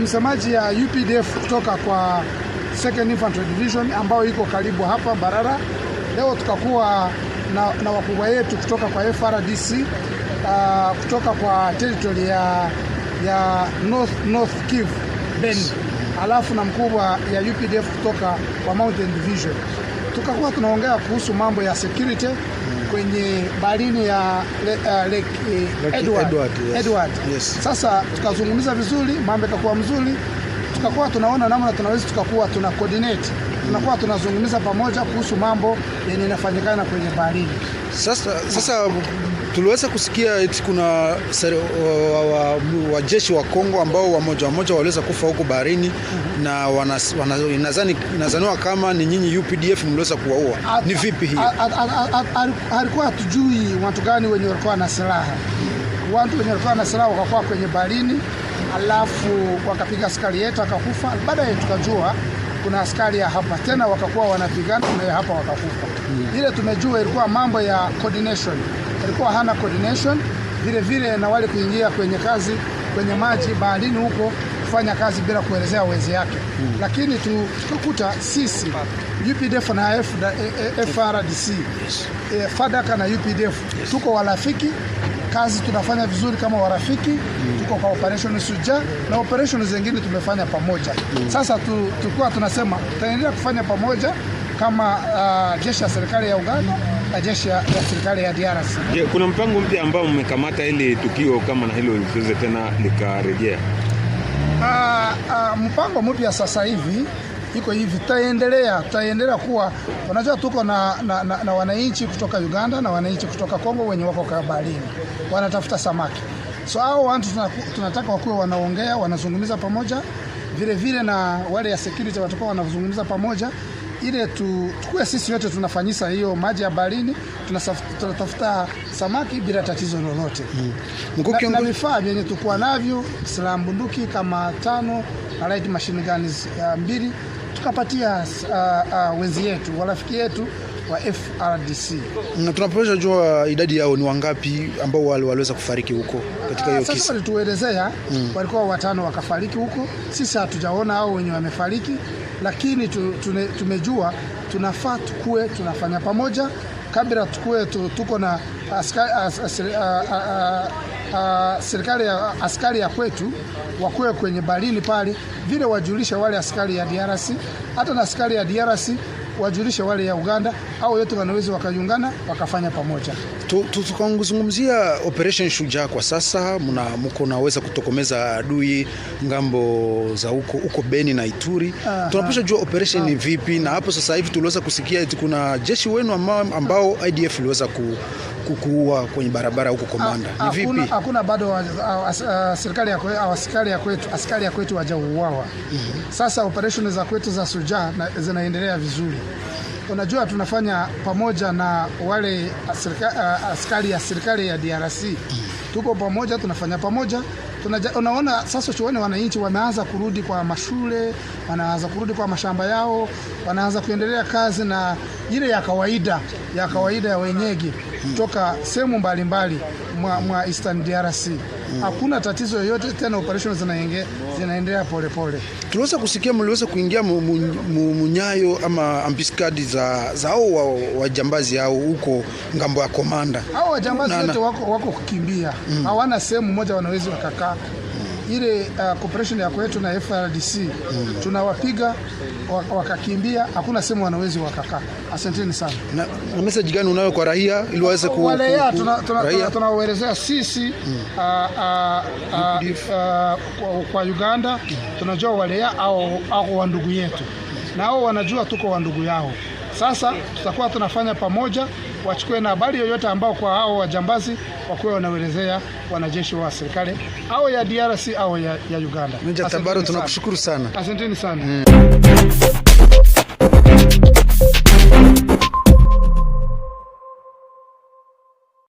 msemaji ya UPDF kutoka kwa Second Infantry Division ambayo iko karibu hapa Barara. Leo tukakuwa na, na wakubwa yetu kutoka kwa FRDC uh, ah, kutoka kwa territory ya, ya North, North Kivu Beni, alafu na mkubwa ya UPDF kutoka kwa Mountain Division. Tukakuwa tunaongea kuhusu mambo ya security kwenye baharini ya le, uh, eh, Lake, Edward, Edward, yes. Edward. Yes. Sasa tukazungumza vizuri, mambo yakakuwa mzuri tukakuwa tunaona namna tunaweza tukakuwa tuna coordinate tunakuwa tunazungumza pamoja kuhusu mambo yenye inafanyikana kwenye baharini. Sasa, sasa tuliweza kusikia eti kuna wajeshi wa, wa, wa, wa Kongo ambao wamoja wamoja waliweza kufa huko baharini mhm. na wanas, inazaniwa kama ni nyinyi UPDF mliweza kuwaua. Ni vipi hiyo? Alikuwa hatujui watu gani wenye walikuwa na silaha, watu wenye walikuwa na silaha wakakuwa kwenye baharini alafu wakapiga askari yetu akakufa. Baadaye tukajua kuna askari ya hapa tena wakakuwa wanapigana na hapa wakakufa. Yeah. Hmm. Ile tumejua ilikuwa mambo ya coordination, ilikuwa hana coordination vile vile, na wale kuingia kwenye kazi kwenye maji baharini huko kufanya kazi bila kuelezea wezi yake. Mm. Lakini tukakuta sisi UPDF na FRDC, eh, eh, yes. E, FADAKA na UPDF, yes. Tuko warafiki kazi tunafanya vizuri kama warafiki mm. Tuko kwa operation Suja na operation zingine tumefanya pamoja mm. Sasa tu, tukuwa tunasema tutaendelea kufanya pamoja kama uh, jeshi ya serikali ya Uganda na jeshi ya, ya serikali ya DRC. Je, kuna mpango mpya ambao mmekamata ili tukio kama na hilo lisiweze tena likarejea? Uh, uh, mpango mpya sasa hivi iko hivi, tutaendelea tutaendelea kuwa unajua, tuko na, na, na, na wananchi kutoka Uganda na wananchi kutoka Kongo wenye wako kabarini wanatafuta samaki, so hao watu tunataka wakuwe wanaongea wanazungumza pamoja vile vile na wale ya security watakuwa wanazungumza pamoja, ile tukue sisi wote tunafanyisa hiyo maji ya baharini, tunatafuta samaki bila tatizo lolote mm. Na vifaa vyenye tukuwa navyo silaha bunduki kama tano na light machine guns uh, mbili tukapatia uh, uh, wenzi yetu warafiki yetu wa FRDC. Na tunapoweza jua idadi yao ni wangapi ambao waliweza kufariki huko katika ah, hiyo kisa? Walituelezea mm. walikuwa watano wakafariki huko, sisi hatujaona hao wenye wamefariki, lakini tu, tune, tumejua tunafaa tukue tunafanya pamoja kabla tukue tuko na askari as, as, as, uh, serikali ya askari ya kwetu wakuwe kwenye barini pale vile, wajulishe wale askari ya DRC, hata na askari ya DRC wajulishe wale ya Uganda au yote wanaweza wakayungana wakafanya pamoja. Tukazungumzia operation Shujaa kwa sasa, mna mko naweza kutokomeza adui ngambo za huko huko Beni na Ituri. Tunaposha jua operation ni vipi, na hapo sasa hivi tuliweza kusikia kuna jeshi wenu ambao IDF iliweza ku kukuua kwenye barabara huko Komanda ni ah, ah, vipi? Hakuna bado ah, serikali ya kwetu, askari ya kwetu wajauawa. Mhm. Sasa operation za kwetu za suja zinaendelea vizuri. Unajua, tunafanya pamoja na wale askari ya serikali ya DRC mhm tuko pamoja, tunafanya pamoja tunaja, unaona sasa chuoni wananchi wameanza kurudi kwa mashule, wanaanza kurudi kwa mashamba yao, wanaanza kuendelea kazi na ile ya kawaida ya kawaida ya wenyeji kutoka hmm. sehemu mbalimbali mwa, mwa Eastern DRC mm. Hakuna tatizo yoyote tena, operation zinaendelea polepole. Tunaweza kusikia mliweza kuingia munyayo ama ambiskadi za za wa, wajambazi hao huko ngambo ya Komanda. au wajambazi wote wako wako kukimbia, hmm. hawana mm. sehemu moja wanaweza wakakaa ile uh, cooperation yako kwetu na FRDC mm. tunawapiga wakakimbia, hakuna sehemu wanawezi wakakaa. Asanteni sana. Na, na message gani unayo kwa raia ili waweze ku ya, tunawaelezea tuna, tuna, tuna sisi mm. uh, uh, uh, uh, kwa Uganda mm. tunajua walea au, au wandugu yetu na hao wanajua tuko wandugu yao. Sasa tutakuwa tunafanya pamoja wachukue na habari yoyote ambao kwa hao wajambazi wakuwe wanaelezea wanajeshi wa serikali au ya DRC au ya, ya Uganda. Minja Tambaro, tunakushukuru sana, asanteni sana mm.